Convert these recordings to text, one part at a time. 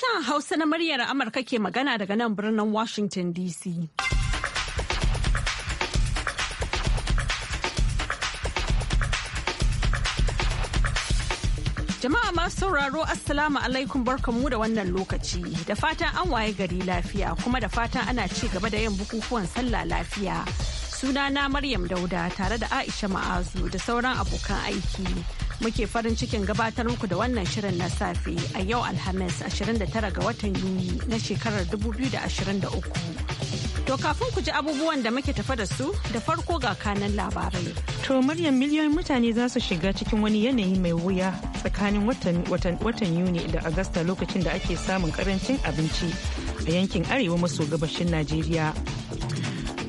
Sashen Hausa na muryar Amurka ke magana daga nan birnin Washington DC. Jama'a masu sauraro Assalamu alaikum barkanmu da wannan lokaci da fatan an waye gari lafiya kuma da fatan ana ci gaba da yin bukukuwan sallah lafiya. Sunana Maryam Dauda tare da Aisha Ma'azu da sauran abokan aiki. Muke farin cikin gabatar muku da wannan shirin na safe a yau Alhamis 29 ga watan Yuni na shekarar 2023. To kafin ku ji abubuwan da muke tafa da su da farko ga kanan labarai. To Maryam miliyoyin mutane za su shiga cikin wani yanayi mai wuya tsakanin watan Yuni da agusta lokacin da ake samun karancin abinci a yankin arewa maso gabashin Najeriya.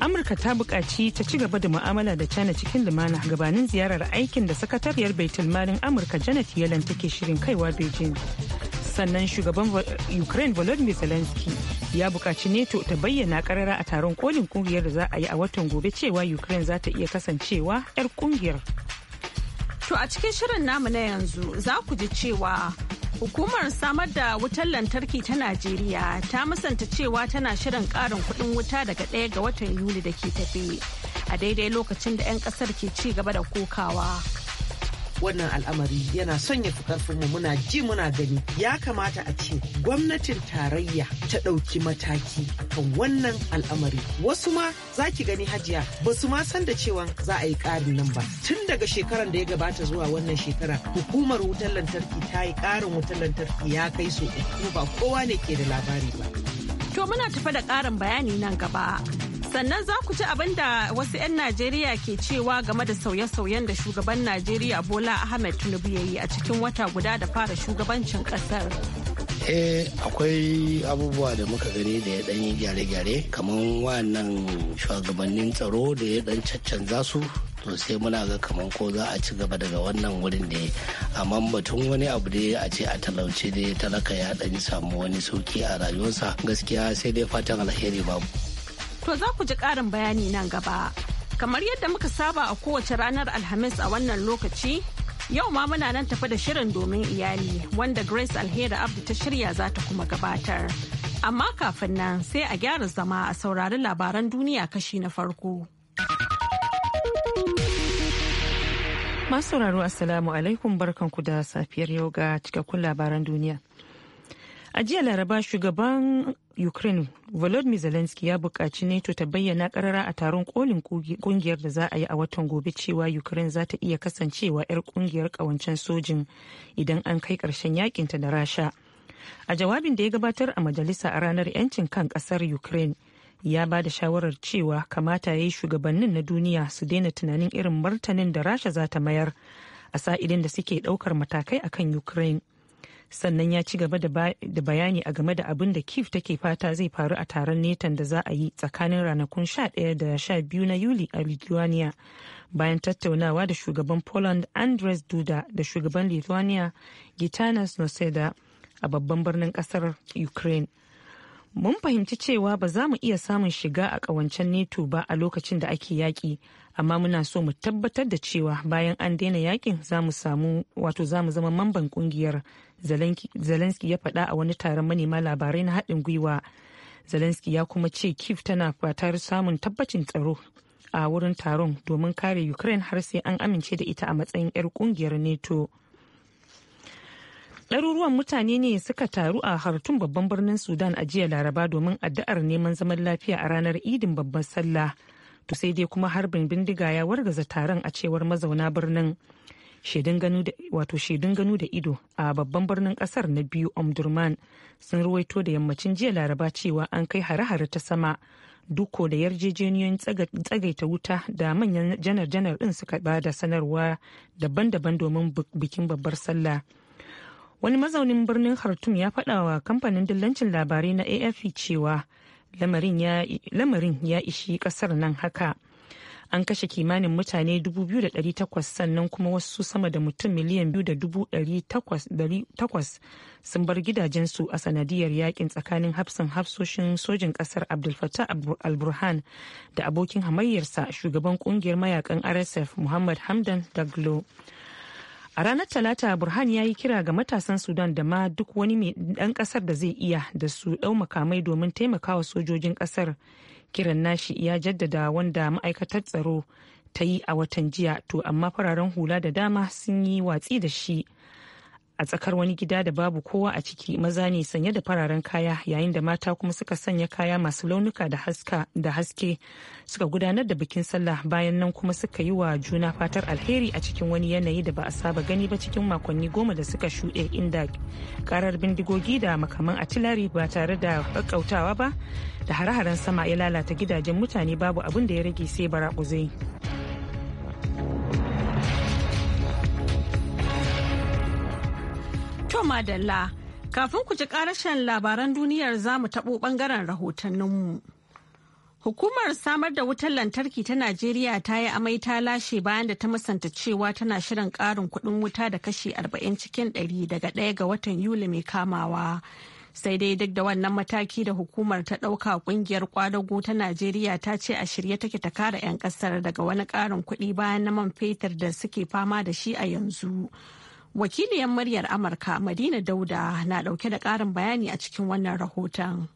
amurka ta bukaci ta ci gaba da mu'amala da china cikin lumana gabanin ziyarar aikin da sakatariyar baitulmalin amurka janet yellen take shirin kaiwa beijing sannan shugaban ukraine volodymyr zelensky ya bukaci neto ta bayyana karara a taron kolin kungiyar da za a yi a watan gobe cewa ukraine za ta iya kasancewa 'yar kungiyar to a cikin shirin namu na yanzu za ku ji cewa Hukumar samar da wutar lantarki ta Najeriya ta musanta cewa tana shirin ƙarin kuɗin wuta daga ɗaya ga watan Yuli da ke tafe a daidai lokacin da 'yan ƙasar ke ci gaba da kokawa. wannan al'amari yana son ya fi mu muna ji muna gani ya kamata a ce gwamnatin tarayya ta ɗauki mataki kan wannan al'amari wasu ma za ki gani hajiya ba su ma san da cewa za a yi ƙarin nan ba tun daga shekaran da ya gabata zuwa wannan shekara hukumar wutar lantarki ta yi ƙarin wutar lantarki ya kai su uku ba kowa ne ke da labari ba. To muna tafa da ƙarin bayani nan gaba. sannan za ku ci abin da wasu 'yan najeriya ke cewa game da sauye-sauyen da shugaban najeriya bola ahmed tinubu ya yi a cikin wata guda da fara shugabancin kasar eh akwai abubuwa da muka gani da ya dan yi gyare-gyare kamar wannan shugabannin tsaro da ya dan caccanza su to sai muna ga kamar ko za a ci gaba daga wannan wurin da amma batun wani abu da a ce a talauce da talaka ya dan samu wani sauki a rayuwarsa gaskiya sai dai fatan alheri babu To za ku ji ƙarin bayani nan gaba. Kamar yadda muka saba a kowace ranar Alhamis a wannan lokaci, yau ma muna nan tafi da shirin domin iyali wanda Grace Alheri Abdu ta shirya za ta kuma gabatar. Amma kafin nan sai a gyara zama a saurari labaran duniya kashi na farko. Masu sauraro Assalamu alaikum barkanku da safiyar yau ga cikakkun labaran duniya. A jiya Laraba shugaban ukraine volodymyr zelensky ya buƙaci neto ta bayyana karara a taron kolin kungiyar da za a yi a watan gobe cewa ukraine za ta iya kasancewa 'yar kungiyar kawancen sojin idan an kai ƙarshen yakinta da rasha a jawabin da ya gabatar a majalisa a ranar 'yancin kan ƙasar ukraine ya ba da shawarar cewa kamata ya yi shugabannin na duniya su daina tunanin irin martanin da rasha za ta mayar a sa'idin da suke daukar matakai akan ukraine sannan ya ci gaba da bayani a game da abin da kif take fata zai faru a taron netan da za a yi tsakanin ranakun 11 da 12 na yuli a lithuania bayan tattaunawa da shugaban poland andres duda da shugaban lithuania gitanas noseda a babban birnin kasar ukraine mun fahimci cewa ba za mu iya samun shiga a ƙawancen neto ba a lokacin da ake yaƙi amma muna so mu tabbatar da cewa bayan an daina yaƙin za mu samu wato za mu zama mamban ƙungiyar zelenski ya faɗa a wani taron manema labarai na haɗin gwiwa zelenski ya kuma ce kif tana fatar samun tabbacin tsaro a wurin taron domin kare ukraine har sai an amince da ita a matsayin 'yar ƙungiyar neto ɗaruruwan mutane ne suka taru a hartun babban birnin sudan a jiya laraba domin addu'ar neman zaman lafiya a ranar idin babban sallah to sai dai kuma harbin bindiga ya wargaza taron a cewar mazauna birnin wato shaidun ganu da ido a babban birnin kasar na biyu omdurman sun ruwaito da yammacin jiya laraba cewa an kai hare-hare ta sama duko da yarjejeniyoyin tsagaita wuta da manyan janar-janar din suka bada sanarwa daban-daban domin bikin babbar sallah wani mazaunin birnin khartoum ya faɗa wa kamfanin dillancin labarai na afp cewa lamarin ya ishi ƙasar nan haka an kashe kimanin mutane 2,800 sannan kuma wasu sama da mutum miliyan 2,800 sun bar gidajensu a sanadiyar yakin tsakanin hafsan hafsoshin sojin kasar abdulfatah al-burhan da abokin hamayyarsa shugaban kungiyar mayakan rsf muhammad hamdan daglo A ranar Talata Burhan ya yi kira ga matasan Sudan da ma duk wani mai ɗan ƙasar da zai iya da su ɗau makamai domin taimakawa sojojin ƙasar. Kiran nashi ya jaddada wanda ma'aikatar tsaro ta yi a watan jiya to amma fararen hula da dama sun yi watsi da shi a tsakar wani gida da babu kowa a ciki maza ne sanye da fararen kaya yayin da mata kuma suka sanya kaya masu launuka da haska da haske suka gudanar da bikin sallah bayan nan kuma suka yi wa juna fatar alheri a cikin wani yanayi da ba a saba gani ba cikin makonni goma da suka shuɗe inda karar bindigogi da makaman atilari ba tare da kakkautawa ba da hare-haren sama ya lalata gidajen mutane babu abin da ya rage sai bara kuzai. Madalla, kafin ku ji karashen labaran duniyar za mu taɓo ɓangaren rahotanninmu. Hukumar samar da wutar lantarki ta Najeriya ta yi amai ta lashe bayan da ta musanta cewa tana shirin ƙarin kuɗin wuta da kashi 40 cikin 100 daga ɗaya ga watan Yuli mai kamawa. Sai dai duk da wannan mataki da hukumar ta ɗauka ƙungiyar kwadago ta Najeriya ta ce a shirye take ta kare 'yan ƙasar daga wani ƙarin kuɗi bayan na man fetur da suke fama da shi a yanzu. wakiliyar muryar amurka madina dauda na dauke da karin bayani a cikin wannan rahoton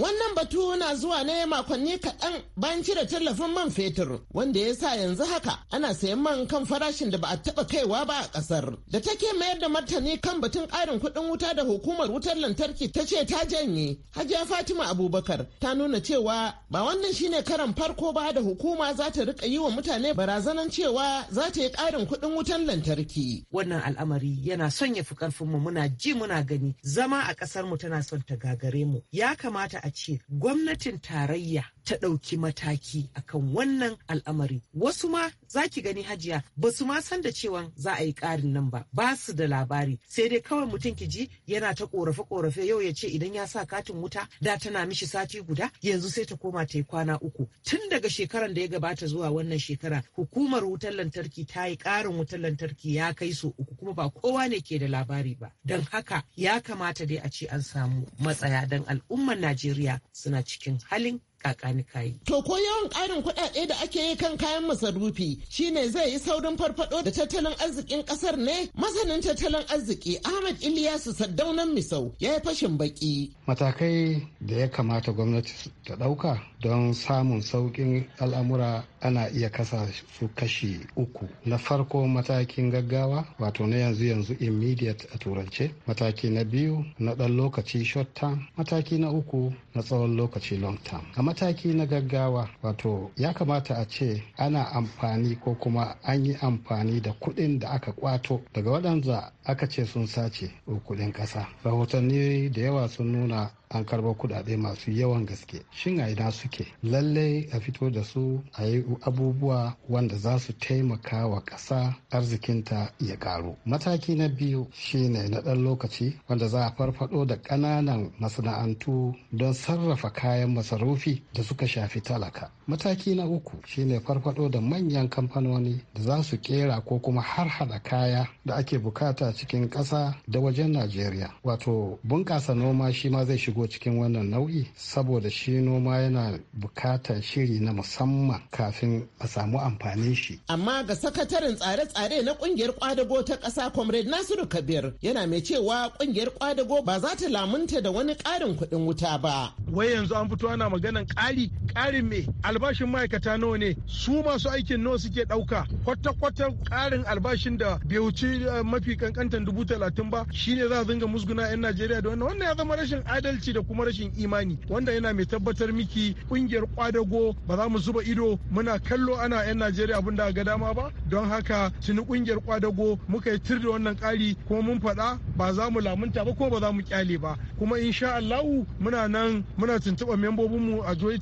Wannan batu na zuwa ne makonni kaɗan bayan cire tallafin man fetur wanda ya sa yanzu haka ana sayan man kan farashin da ba a taɓa kaiwa ba a ƙasar. Da take mayar da martani kan batun ƙarin kuɗin wuta da hukumar wutar lantarki ta ce ta janye. Hajiya Fatima Abubakar ta nuna cewa ba wannan shine karan farko ba da hukuma za ta riƙa yi wa mutane barazanan cewa za ta yi ƙarin kuɗin wutar lantarki. Wannan al'amari yana son ya fi ƙarfinmu muna ji muna gani zama a ƙasarmu tana son ta gagare mu. Ya kamata a ce gwamnatin tarayya ta ɗauki mataki akan wannan al'amari wasu ma za ki gani hajiya ba su ma san da cewa za a yi ƙarin nan ba ba su da labari sai dai kawai mutum ki ji yana ta korafe korafe yau ya ce idan ya sa katin wuta da tana mishi sati guda yanzu sai ta koma ta yi kwana uku tun daga shekaran da ya gabata zuwa wannan shekara hukumar wutar lantarki ta yi ƙarin wutar lantarki ya kai su uku kuma ba kowa ne ke da labari ba don haka ya kamata dai a ce an samu matsaya don al'umman najeriya suna cikin halin kakanikayi. To ko yawan ƙarin kuɗaɗe da ake yi kan kayan masarufi shine zai yi saurin farfado da tattalin arzikin ƙasar ne? Masanin tattalin arziki Ahmad Ilyasu Saddaunan Misau ya yi fashin baki. Matakai da ya kamata gwamnati ta ɗauka don samun sauƙin al'amura ana iya kasa su kashi uku. Na farko matakin gaggawa wato na yanzu yanzu immediate a turance. Mataki na biyu na ɗan lokaci short term. Mataki na uku na tsawon lokaci long term. mataki na gaggawa wato ya kamata a ce ana amfani ko kuma an yi amfani da kuɗin da aka kwato daga waɗanda aka ce sun sace kuɗin ƙasa rahotanni da yawa sun nuna an karɓo kuɗaɗe masu yawan gaske shin a ina suke lallai a fito da su a yi abubuwa wanda za su taimaka wa ƙasa arzikinta ya ƙaru mataki na biyu shine na ɗan lokaci wanda za a farfado da ƙananan masana'antu don sarrafa kayan masarufi da suka shafi talaka mataki na uku shine farfado da manyan kamfanoni da za su kera ko kuma har hada kaya da ake bukata cikin ƙasa da wajen najeriya wato bunƙasa noma shi ma zai shigo shigo cikin wannan nau'i saboda shi noma yana bukatar shiri na musamman kafin a samu amfanin shi. Amma ga sakataren tsare-tsare na kungiyar kwadago ta ƙasa Comrade Nasiru Kabir yana mai cewa kungiyar kwadago ba za ta lamunta da wani ƙarin kuɗin wuta ba. Wai yanzu an fito ana maganan ƙari ƙarin me albashin ma'aikata nawa ne su masu aikin nawa suke ɗauka kwata-kwata ƙarin albashin da bai wuce eh, mafi kankantan dubu talatin ba shine za a dinga musguna 'yan Najeriya da wannan wannan ya zama rashin adalci da kuma rashin imani wanda yana mai tabbatar miki kungiyar kwadago ba za mu zuba ido muna kallo ana 'yan najeriya abin da ga dama ba don haka tuni kungiyar kwadago muka yi tir da wannan kari kuma mun faɗa ba za mu lamunta ba kuma ba za mu kyale ba kuma insha Allahu muna nan muna tuntuɓa membobinmu a jihohi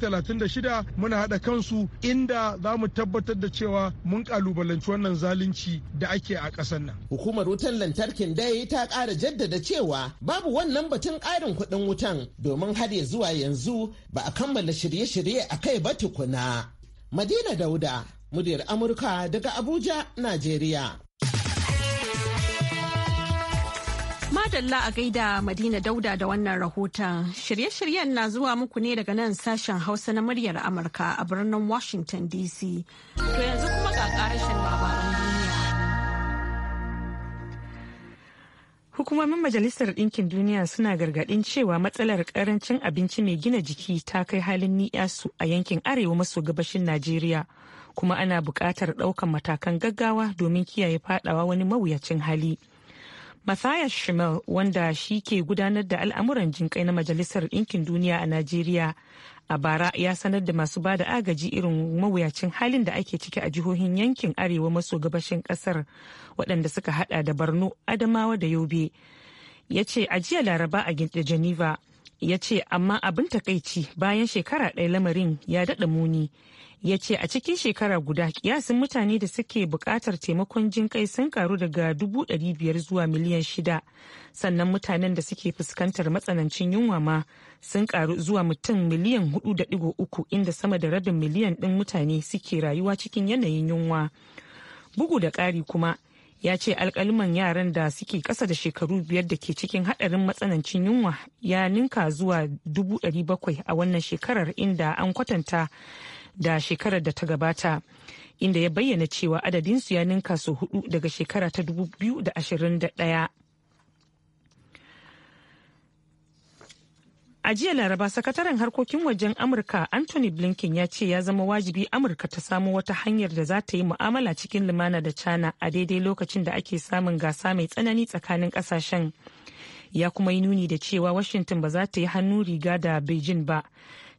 shida muna haɗa kansu inda za mu tabbatar da cewa mun kalubalanci wannan zalunci da ake a ƙasar nan. Hukumar wutan lantarkin dai ta kara jaddada cewa babu wannan batun ƙarin kuɗin wutan domin har ya zuwa yanzu ba a kammala shirye-shirye a kai ba tukuna. Madina Dauda, muryar Amurka daga Abuja, Najeriya. Madalla a gaida Madina Dauda da wannan rahoton. Shirye-shiryen na zuwa muku ne daga nan sashen Hausa na muryar Amurka a birnin Washington DC. To yanzu kuma ga karashin labarai. Hukumomin Majalisar Ɗinkin Duniya suna gargaɗin cewa matsalar ƙarancin abinci mai gina jiki ta kai halin ni'yasu a yankin arewa maso gabashin Najeriya, kuma ana buƙatar ɗaukan matakan gaggawa domin kiyaye faɗawa wani mawuyacin hali. mathias Schimmel wanda shi ke gudanar da al'amuran jinƙai na Majalisar Ɗinkin Duniya a Najeriya a bara ya sanar da masu ba da agaji irin mawuyacin halin da ake ciki a jihohin yankin arewa maso gabashin ƙasar waɗanda suka hada da Borno, Adamawa da Yobe. Ya ce a jiya Laraba a Geneva ya ce amma abin takaici bayan shekara ɗaya lamarin ya daɗa muni ya ce a cikin shekara guda kiyasin mutane da suke buƙatar taimakon jin kai sun karu daga dubu ɗari biyar zuwa miliyan shida sannan mutanen da suke fuskantar matsanancin yunwa ma sun karu zuwa mutum miliyan hudu da digo uku inda sama da rabin miliyan ɗin mutane suke rayuwa cikin yanayin yunwa bugu da ƙari kuma ya ce alkaliman yaran da suke kasa da shekaru biyar da ke cikin hadarin matsanancin yunwa ya ninka zuwa 700,000 a wannan shekarar inda an kwatanta da shekarar da ta gabata inda ya bayyana cewa adadinsu ya ninka su hudu daga shekara ta 2021 A jiya Laraba sakataren harkokin wajen Amurka Anthony Blinken ya ce ya zama wajibi Amurka ta samu wata hanyar da za ta yi mu'amala cikin lumana da China a daidai lokacin da ake samun gasa mai tsanani tsakanin kasashen. Ya kuma yi nuni da cewa Washington ba za ta yi hannu riga da Beijing ba.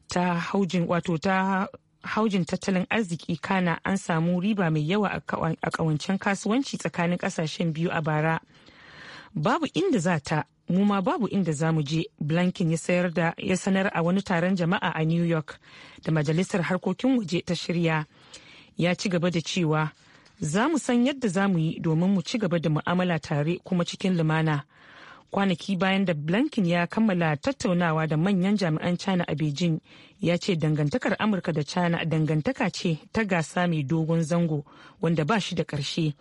Ta haujin wato ta haujin tattalin arziki kana an samu riba mai yawa a kawancen kasuwanci tsakanin kasashen biyu a bara. babu inda za ta mu ma babu inda za mu je blankin ya sayar da ya sanar a wani taron jama'a a new york da majalisar harkokin waje ta shirya ya ci gaba da cewa za mu san yadda za mu yi domin mu ci gaba da mu'amala tare kuma cikin lumana kwanaki bayan da blankin ya kammala tattaunawa da manyan jami'an china a beijing ya ce dangantakar amurka da china dangantaka ce ta gasa mai dogon zango wanda ba shi da ƙarshe.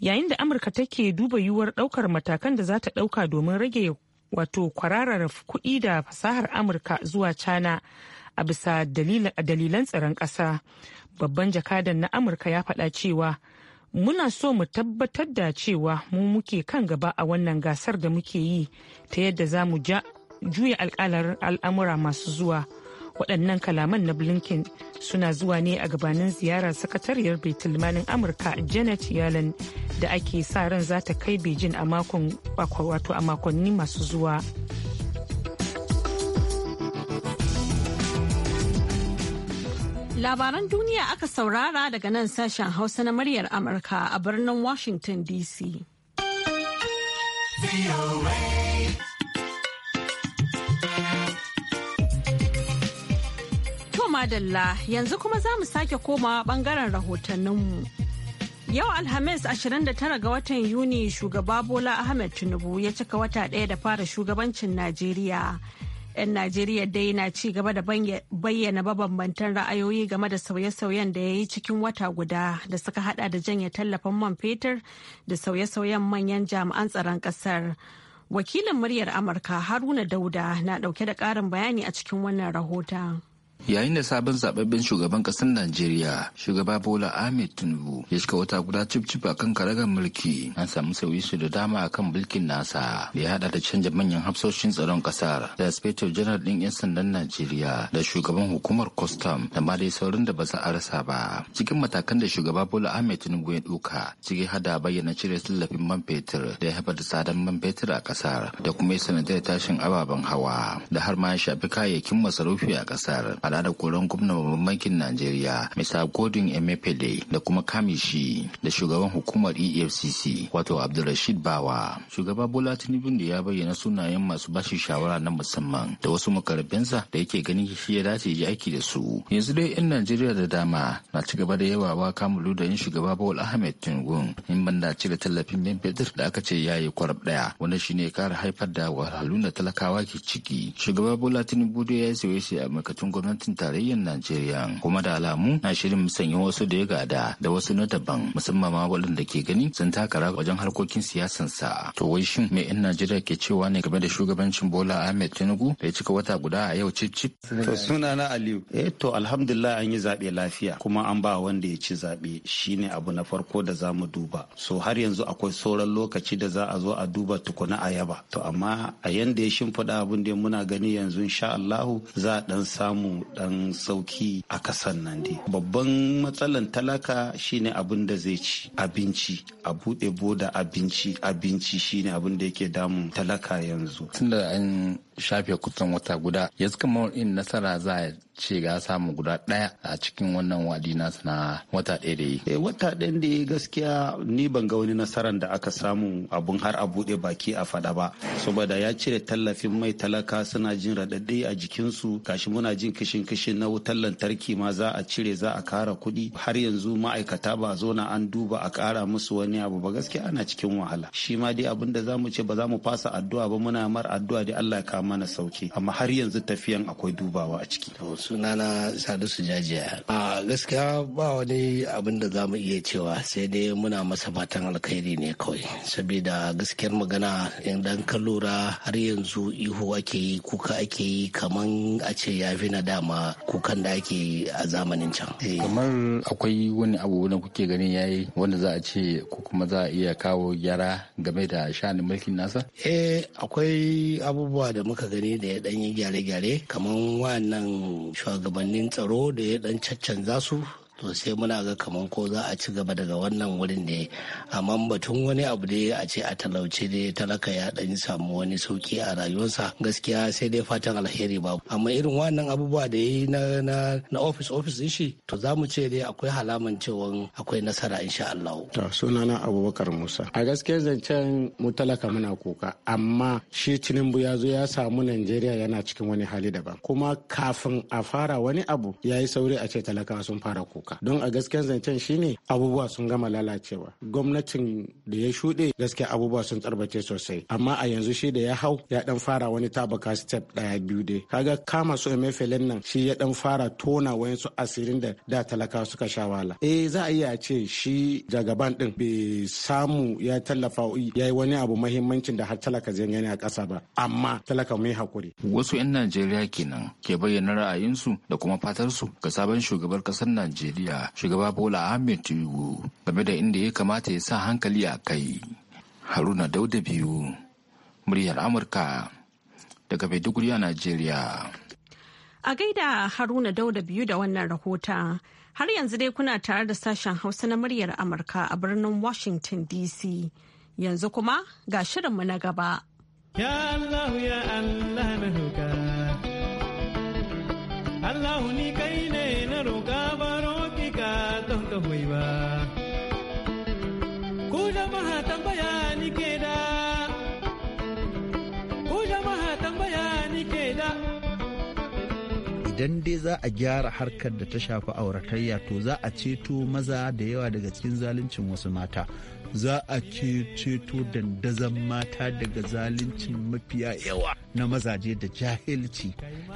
yayin da amurka take duba yiwuwar daukar matakan da za ta dauka domin rage wato kwararar kuɗi da fasahar amurka zuwa cana a bisa dalilan tsaron ƙasa babban jakadan na amurka ya faɗa cewa muna so mu tabbatar da cewa mu muke kan gaba a wannan gasar da muke yi ta yadda za mu juya alƙalar al'amura masu zuwa waɗannan kalaman na blinken suna zuwa ne a gabanin ziyarar sakatariyar baitulmanin amurka janet yellen da ake sa ran za ta kai beijing a makonni masu zuwa labaran duniya aka saurara daga nan sashen hausa na muryar amurka a birnin washington dc madalla yanzu kuma za mu sake komawa bangaren rahotanninmu. Yau Alhamis 29 ga watan Yuni shugaba Bola Ahmed Tinubu ya cika wata ɗaya da fara shugabancin Najeriya. 'Yan Najeriya dai na ci gaba da bayyana mabambantan ra'ayoyi game da sauye-sauyen da ya yi cikin wata guda da suka hada da janya tallafin man fetur da sauye-sauyen manyan jami'an tsaron ƙasar. Wakilin muryar Amurka Haruna Dauda na ɗauke da ƙarin bayani a cikin wannan rahoton. yayin da sabon zababben shugaban kasar najeriya shugaba bola ahmed tinubu ya shiga wata guda cip-cip a kan karagar mulki an samu sauyi su da dama a kan mulkin nasa da ya hada da canja manyan hafsoshin tsaron kasar da inspector Janar din yan sandan najeriya da shugaban hukumar custom da ma dai saurin da ba za a rasa ba cikin matakan da shugaba bola ahmed tinubu ya duka ciki hada bayyana cire tallafin man fetur da ya haifar da tsadar man fetur a kasar da kuma ya sanadiyar tashin ababen hawa da har ma ya shafi kayayyakin masarufi a kasar hada da koron gwamnan babban bankin Najeriya Mr. Godwin Emefiele da kuma Kamishi da shugaban hukumar EFCC wato Abdulrashid Bawa. Shugaba Bola Tinubu da ya bayyana sunayen masu bashi shawara na musamman da wasu makarabinsa da yake ganin shi ya dace ya aiki da su. Yanzu dai 'yan Najeriya da dama na ci gaba da yawawa kamulu da yin shugaba Bawal Ahmed Tinubu in banda cire tallafin Ben Peter da aka ce ya yi kwarab daya wanda shine ne kara haifar da wahalhalun da talakawa ke ciki. Shugaba Bola Tinubu ya yi sauye a makatun gwamnati gwamnatin tarayyar Najeriya kuma da alamu na shirin musanya wasu da ya gada da wasu na daban musamman ma waɗanda ke gani sun taka rawa wajen harkokin siyasan siyasansa. To wai shin me 'yan Najeriya ke cewa ne game da shugabancin Bola Ahmed Tinubu da ya cika wata guda a yau cip cip. To suna na Aliyu. Eh to alhamdulillah an yi zaɓe lafiya kuma an ba wanda ya ci zaɓe shine abu na farko da zamu duba. So har yanzu akwai sauran lokaci da za a zo a duba tukuna ayaba. To amma a yanda ya shimfiɗa abin da muna gani yanzu insha Allahu za a ɗan samu dan sauki a kasan nan dai babban matsalan talaka shine abin da zai ci abinci a buɗe boda abinci abinci shine abin da yake damun talaka yanzu tunda an shafe kusan wata guda yanzu kamar in nasara za a ce ga samu guda ɗaya a cikin wannan wadi nasu na wata ɗaya da yi. Eh, wata ɗaya da yi gaskiya ni ban ga wani nasarar da aka samu abun har a buɗe baki a faɗa ba saboda ya cire tallafin mai talaka suna jin raɗaɗɗe a jikinsu gashi muna jin kishin kishin na wutar lantarki ma za a cire za a kara kuɗi har yanzu ma'aikata ba zo na an duba a kara musu wani abu ba gaskiya ana cikin wahala shi ma dai abin da za mu ce ba za mu fasa addu'a ba muna mar addu'a dai Allah ya kama mana sauki amma har yanzu tafiyan akwai dubawa a ciki sunana sadisu jajiya a gaskiya ba wani abin da za mu iya cewa sai dai muna masa fatan alkhairi ne kawai saboda gaskiyar magana idan ka lura har yanzu ihu ake yi kuka ake yi kaman a ce ya fi na dama kukan da ake yi a zamanin can eh. kamar akwai wani abu da kuke ganin yayi wanda za a ce ko kuma za a iya kawo gyara game da sha'anin mulkin nasa eh akwai abubuwa da muka gani da ya dan yi gyare-gyare kamar wannan shugabannin tsaro da ya dan caccanza su to sai muna ga kamar ko za a ci gaba daga wannan wurin ne amma batun wani abu da a ce a talauce ya talaka ya dan samu wani sauki a rayuwarsa gaskiya sai dai fatan alheri ba amma irin wannan abubuwa da yi na na na office office shi to za mu ce dai akwai halaman cewa akwai nasara insha Allah to sunana Abubakar Musa a gaskiya zancen mu talaka muna kuka amma shi Tinubu ya zo ya samu Najeriya yana cikin wani hali daban kuma kafin a fara wani abu yayi sauri a ce talaka sun fara kuka don a gaskiyar zancen shine abubuwa sun gama lalacewa gwamnatin da ya shuɗe gaskiya abubuwa sun tsarbace sosai amma a yanzu shi da ya hau ya dan fara wani tabaka step ɗaya biyu dai kaga kama su emefelen nan shi ya dan fara tona wayansu asirin da da talakawa suka sha wala eh za a iya ce shi jagaban din bai samu ya tallafa ya yi wani abu mahimmancin da har talaka zai gani a ƙasa ba amma talaka mai hakuri wasu 'yan najeriya kenan ke bayyana ra'ayinsu da kuma fatarsu ga sabon shugaban ƙasar najeriya shugaba Bola Ahmed Tinubu game da inda ya kamata ya sa hankali a kai. Haruna Dauda biyu muryar Amurka daga Maiduguri a Najeriya. A gaida Haruna Dauda biyu da wannan rahota. Har yanzu dai kuna tare da sashen Hausa na muryar Amurka a birnin Washington DC. Yanzu kuma ga shirinmu na gaba. Ya Allah ya Allah na Allah ni kai ne na roƙa baro don ka ba. Ku jama'a tambaya ni ke da, ku jama'a tambaya ni ke da. Idan dai za a gyara harkar da ta shafi auratayya to za a ceto maza da yawa daga cikin zaluncin wasu mata. za a ceto dandazon mata daga zaluncin mafiya yawa na mazaje da jahilci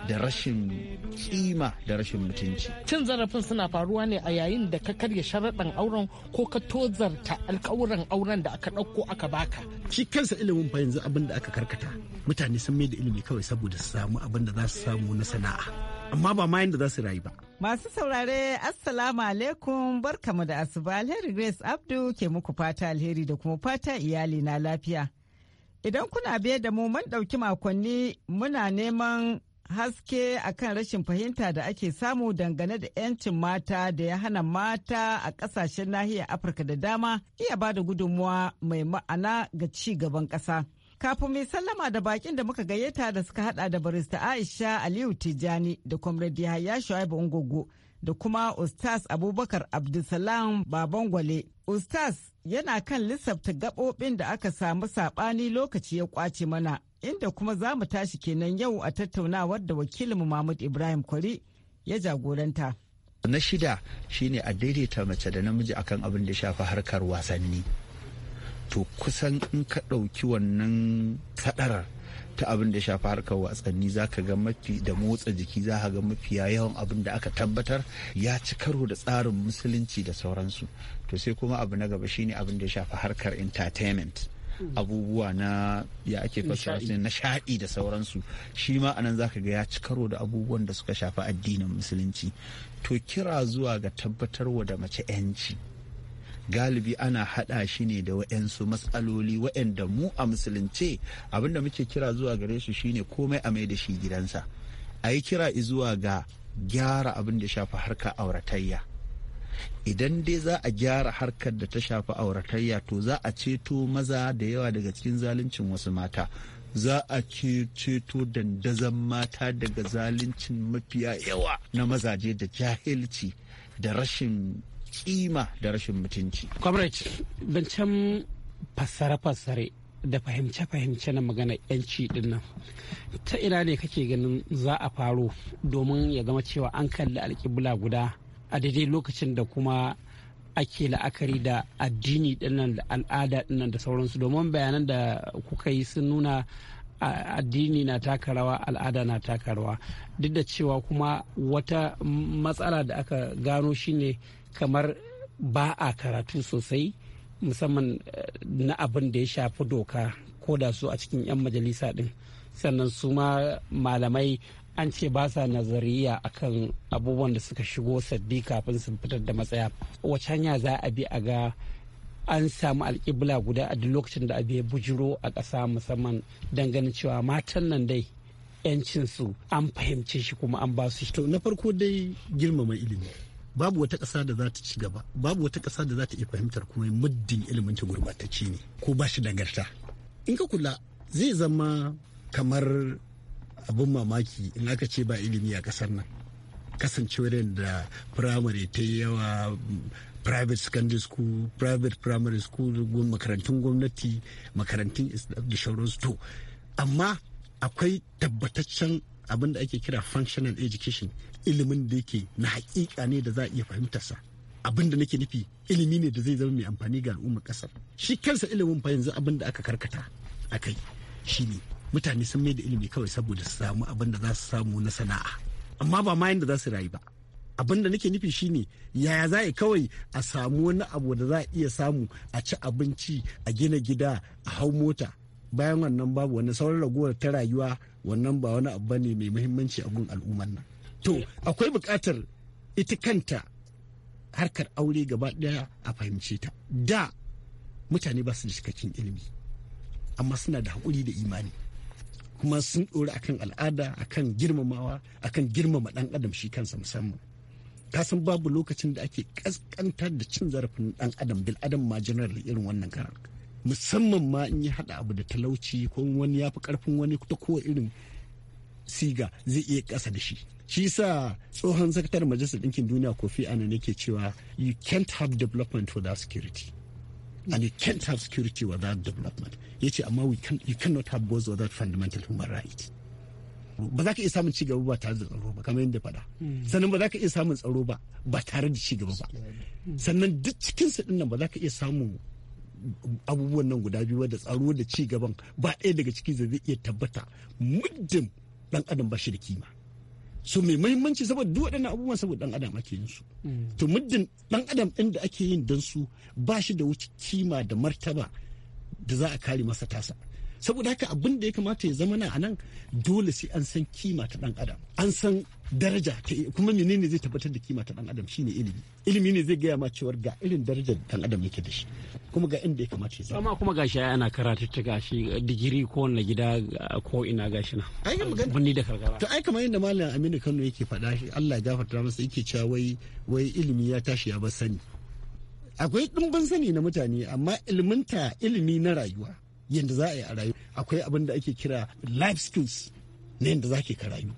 da rashin kima da rashin mutunci. Cin zarafin suna faruwa ne a yayin da ka karya sharaɗin auren ko ka tozarta alkawuran auren da aka ɗauko aka baka. Shi kansa ilimin fa abin da aka karkata mutane sun mai da ilimi kawai saboda su samu abin da za su samu na sana'a. amma ba ma yadda za su rayu ba. Masu saurare Assalamu alaikum barkamu da asuba alheri Grace Abdu ke muku fata alheri da kuma fata iyali na lafiya. Idan kuna biye da mu mun ɗauki makonni muna neman haske akan rashin fahimta da ake samu dangane da 'yancin mata da ya hana mata a ƙasashen nahiyar Afirka da dama iya ba da gudunmuwa mai ma'ana ga ci gaban ƙasa. Kafin mai sallama da bakin da muka gayyata da suka hada da barista Aisha Aliyu Tijani da Comrade Yahaya Shuaibu Ungogo da kuma Ustaz Abubakar Abdulsalam Babangwale. Ustaz yana kan lissafta gaɓoɓin da aka samu saɓani lokaci ya kwace mana inda kuma za mu tashi kenan yau a tattaunawar da wakilinmu Mahmud Ibrahim Kwari ya jagoranta. Na shida shine a daidaita mace da namiji akan abin da shafi harkar wasanni. to kusan in ka ɗauki wannan sadarar ta abin da shafi harkar wasanni za ka ga mafi da motsa jiki za ka ga mafiya yawan abin da aka tabbatar ya ci karo da tsarin musulunci da sauransu to sai kuma abu na gaba shine abin da ya shafi harkar entertainment hmm. abubuwa na ya ake fassara na sha'i da sauransu shi ma anan zaka ga ya ci karo da abubuwan da suka shafa addinin musulunci to kira zuwa ga tabbatarwa da mace 'yanci galibi ana haɗa shi ne da waɗansu matsaloli waɗanda mu a musulunce abinda muke kira zuwa gare su shine komai a mai da shi gidansa a yi kira zuwa ga gyara abin da shafi harka auratayya idan dai za a gyara harkar da ta shafi auratayya to za a ceto maza da yawa daga cikin zaluncin wasu mata za a ceto dandazan mata daga zaluncin mafiya yawa na mazaje da jahilci da rashin kima da rashin mutunci. Comrade, zancen fassare-fassare da fahimce-fahimce na magana 'yanci din nan ta ina ne kake ganin za a faro domin ya zama cewa an kalli alƙibla guda a daidai lokacin da kuma ake la'akari da addini dinnan da al'ada dinnan da sauransu domin bayanan da kuka yi sun nuna addini na taka rawa al'ada na taka rawa duk da cewa kuma wata matsala da aka gano shine kamar ba a karatu sosai musamman eh, na abin da ya shafi doka ko da su a cikin 'yan majalisa din sannan su ma malamai an ce ba sa nazariya akan abubuwan da suka shigo sabbi kafin sun fitar da matsaya wacce hanya za a bi a ga an samu alƙibla guda a duk lokacin da abu ya bujiro a ƙasa musamman ganin cewa matan nan dai yancinsu an fahimce shi kuma an ba su to na farko dai girmama ilimi babu wata ƙasa da za ta ci gaba babu wata ƙasa da za ta iya fahimtar kuma muddin ilimin ta gurbatacce ne ko ba shi nagarta in ka kula zai zama kamar abin mamaki in aka ce ba ilimi a ƙasar nan kasancewar da firamare ta yi yawa private secondary school private primary school makarantun gwamnati makarantun da shauransu to amma akwai tabbataccen abin da ake kira functional education ilimin da yake na hakika ne da za a iya fahimtarsa abin da nake nufi ilimi ne da zai zama mai amfani ga al'ummar kasar shi kansa ilimin fa yanzu abin da aka karkata a kai ne mutane sun mai da ilimi kawai saboda su samu abin da za su samu na sana'a amma ba ma yanda za su rayu ba abin da nake nufi shine yaya za a kawai a samu wani abu da za a iya samu a ci abinci a gina gida a hau mota bayan wannan babu wani sauran ragowar ta rayuwa wannan ba wani abu ne mai muhimmanci a gun al'ummar nan to eh. akwai bukatar ita kanta harkar aure gaba ɗaya a fahimce ta da mutane ba su da cikakken ilimi amma suna da haƙuri da imani kuma sun ɗora akan al'ada akan girmamawa akan girmama ɗan adam shi kansa musamman kasan babu lokacin da ake ƙasƙantar da cin zarafin ɗan adam bil adam ma janar irin wannan karar musamman ma in yi haɗa abu da talauci ko wani ya fi ƙarfin wani ta kowa irin siga zai iya ƙasa da shi shi sa tsohon sakataren majalisar ɗinkin duniya kofi anan yake cewa you can't have development without security and you can't have security without development ya ce amma you cannot have both without fundamental human rights ba za ka iya samun cigaba ba tare da tsaro ba kamar yadda faɗa hmm. sannan ba za ka iya samun tsaro ba ba tare da cigaba ba hmm. sannan duk cikinsu ɗin nan ba za ka iya samun abubuwan nan guda biyu da tsaro da ci ba ɗaya daga ciki zai iya tabbata muddin dan adam ba shi da kima so mai muhimmanci saboda duk waɗannan abubuwan saboda dan adam ake yin su mm. to muddin dan adam ɗin da ake yin dan su ba shi da wuce kima da martaba da za a kare masa tasa saboda haka abin da ya kamata ya zama na a nan dole sai an san kima ta dan adam an san daraja kuma menene zai tabbatar da kima ta dan adam shine ilimi ilimi ne zai gaya ma cewar ga irin darajar dan adam yake da shi kuma ga inda ya kamata ya zama kuma gashi ana karatu ta gashi eh, digiri ko wanne gida eh, ko ina gashi na ai ga magana bunni da karkara to ai kamar yadda malam Aminu Kano yake faɗa shi Allah ya gafarta masa yake cewa wai wai ilimi ya tashi ya bar sani akwai dimbin sani na mutane amma ilminta ilimi na rayuwa yadda za a yi a rayu akwai abin da ake kira life skills na yadda za ka rayu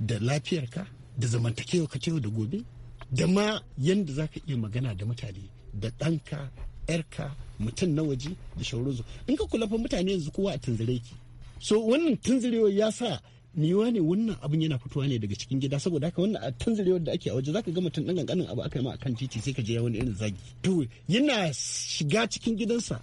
da lafiyar ka. da zamantakewa ka da gobe da ma yadda za ka iya magana da mutane da ɗanka yarka mutum na waje da shauransu in ka kula fa mutane yanzu kowa a tunzire ki so wannan tunzirewa ya sa niwa ne wannan abin yana fitowa ne daga cikin gida saboda haka wannan a tanzarewar da ake a waje zaka ga mutum ɗan ƙanƙanin abu aka yi ma akan titi sai ka je wani irin zagi to yana shiga cikin gidansa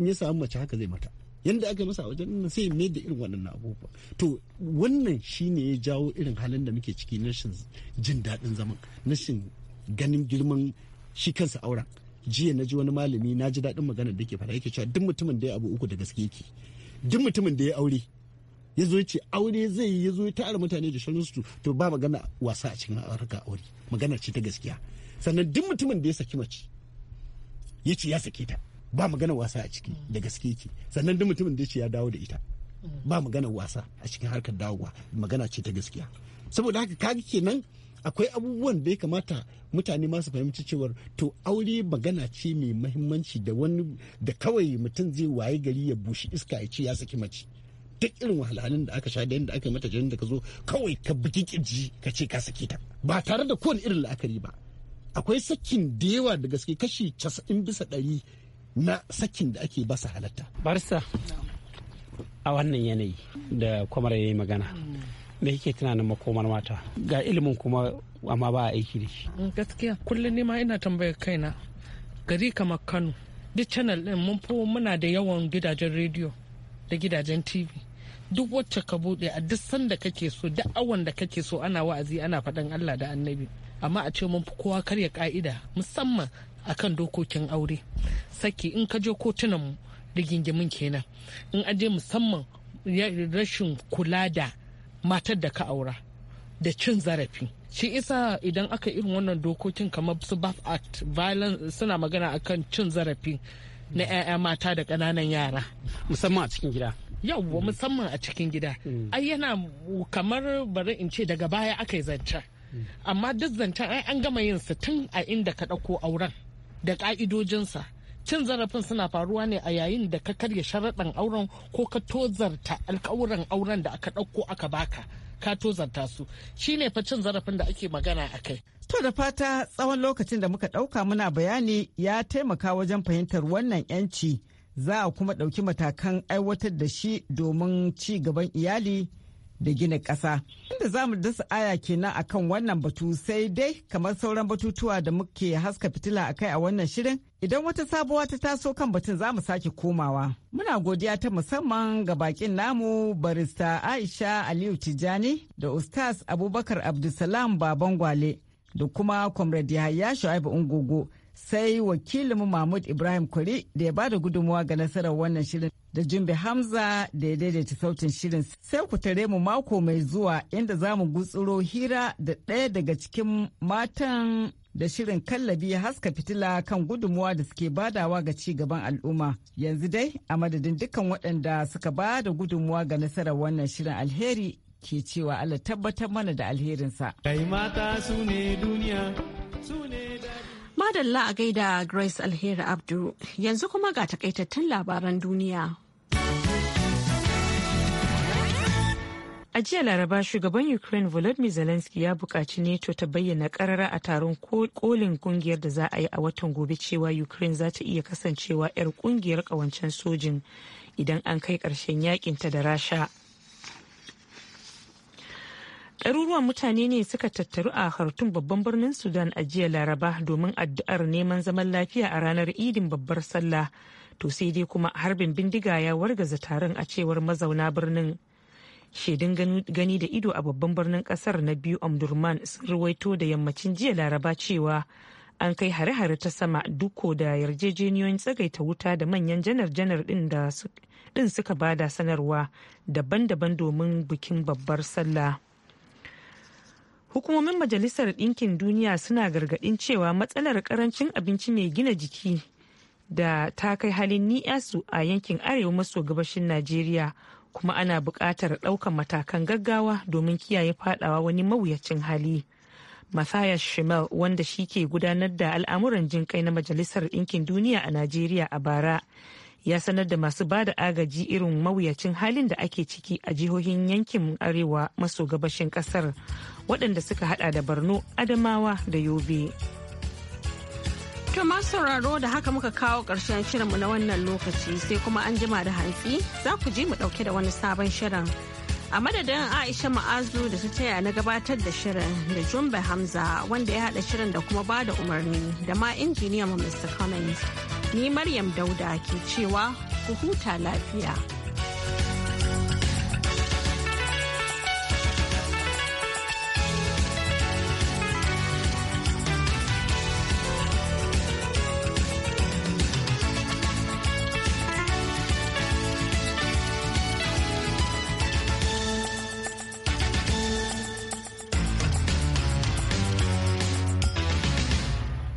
in ya samu mace haka zai mata yadda aka masa a wajen nan sai mai da irin waɗannan abubuwa to wannan shine ya jawo irin halin da muke ciki na shin jin daɗin zaman shin ganin girman shi kansa auren jiya na ji wani malami na ji daɗin magana da ke fara yake cewa duk mutumin da ya abu uku da gaske yake duk mutumin da ya aure ya zo ce aure zai yi ya zo ya tara mutane da shanunsu to ba magana wasa a cikin harka aure magana ce ta gaskiya sannan duk mutumin da ya saki mace ya ce ya sake ta ba magana wasa a ciki da gaske ke sannan duk mutumin da ya dawo da ita ba magana wasa a cikin harkar dawowa magana ce ta gaskiya saboda haka kaga kenan akwai abubuwan da ya kamata mutane masu fahimci cewar to aure magana ce mai mahimmanci da wani da kawai mutum zai waye gari ya bushi iska ya ce ya saki mace duk irin wahalhalun da aka sha da yadda aka yi mata da ka zo kawai ka buki kirji ka ce ka saki ta ba tare da kowane irin la'akari ba akwai sakin da yawa da gaske kashi casa'in bisa ɗari na sakin da ake basa halatta barista a wannan yanayi da kwamar ya yi magana me kike tunanin makomar mata ga ilimin kuma amma ba a aiki da shi gaskiya kullum ne ma ina tambayar kaina gari kamar kano duk channel ɗin mun fi muna da yawan gidajen rediyo da gidajen tv duk wacce ka buɗe a duk sanda kake so duk awan da kake so ana wa'azi ana faɗan allah da annabi amma a ce mun fi kowa karya ka'ida musamman akan dokokin aure saki in kaje je kotunan mu rigingimin kenan in aje musamman rashin kula da matar da ka aura da cin zarafi shi isa idan aka irin wannan dokokin kamar su BAF Act violence suna magana akan cin zarafi na 'ya'ya mata da ƙananan yara musamman a cikin gida yawwa musamman a cikin gida mm. ai yana kamar bari in ce daga baya aka yi zancen mm. amma duk zancen an gama yin su tun a inda ka ɗauko auren da ƙa'idojinsa cin zarafin suna faruwa ne a yayin da ka karya sharaɗin auren ko ka tozarta alkawuran auren da aka ɗauko aka baka ka tozarta su shine fa cin zarafin da ake magana a kai to da fata tsawon lokacin da muka ɗauka muna bayani ya taimaka wajen fahimtar wannan 'yanci za a kuma ɗauki matakan aiwatar da shi domin ci gaban iyali da gina ƙasa. Inda za mu dasa aya kenan a kan wannan batu sai dai kamar sauran batutuwa da muke haska fitila a kai a wannan shirin idan wata sabuwa ta taso kan batun za mu sake komawa. Muna godiya ta musamman ga bakin namu barista Aisha Aliyu Tijani da Ustaz Abubakar Abdulsalam Baban Gwale da kuma Comrade Yahaya Shu'aibu Ungogo sai wakilinmu Mahmud Ibrahim Kwari da ya ba da gudunmuwa ga nasarar wannan shirin. da jimbe Hamza da ya daidaita sautin shirin sai ku tare mu mako mai zuwa inda za mu gutsuro hira da ɗaya daga cikin matan da shirin kallabi ya haska fitila kan gudunmuwa da suke badawa ga ci gaban al'umma yanzu dai a madadin dukkan waɗanda suka ba da gudunmuwa ga nasarar wannan shirin alheri ke cewa Allah tabbatar mana da alherinsa. Madalla a gaida Grace Alheri Abdu yanzu kuma ga takaitattun labaran duniya. A jiya Laraba shugaban Ukraine Volodymyr Zelensky ya buƙaci NATO ta bayyana karara a taron kolin kungiyar da za a yi a watan gobe cewa Ukraine za ta iya kasancewa 'yar kungiyar ƙawancen sojin idan an kai ƙarshen ta da Rasha. ɗaruruwan mutane ne suka tattaru a hartun babban birnin Sudan a jiya Laraba domin addu'ar neman zaman lafiya a ranar idin babbar sallah. To sai dai kuma harbin bindiga ya wargaza taron a cewar mazauna birnin. shaidun gani da ido a babban birnin kasar na biyu amdurman sun ruwaito da yammacin jiya laraba cewa an kai hare-hare ta sama duko da yarjejeniyoyin tsagaita wuta da manyan janar-janar din suka bada sanarwa daban-daban domin bikin babbar sallah. hukumomin majalisar ɗinkin duniya suna gargaɗin cewa matsalar karancin abinci mai gina jiki da ta kai halin ni'yasu a yankin arewa maso gabashin najeriya kuma ana buƙatar ɗaukan matakan gaggawa domin kiyaye fadawa wani mawuyacin hali. Mathias Schimel wanda shi ke gudanar da al'amuran jin kai na Majalisar Ɗinkin Duniya a Najeriya a bara ya sanar da masu ba da agaji irin mawuyacin halin da ake ciki a jihohin yankin arewa maso gabashin ƙasar waɗanda suka hada da Borno, Adamawa da Yobe. To masu sauraro da haka muka kawo ƙarshen shirinmu na wannan lokaci sai kuma an jima da hantsi za ku ji mu ɗauke da wani sabon shirin. A madadin Aisha Ma'azu da ta taya na gabatar da shirin da Jumbe Hamza wanda ya haɗa shirin da kuma bada umarni da ma injiniyan Mr. Cummings. Ni Maryam Dauda ke cewa ku huta lafiya.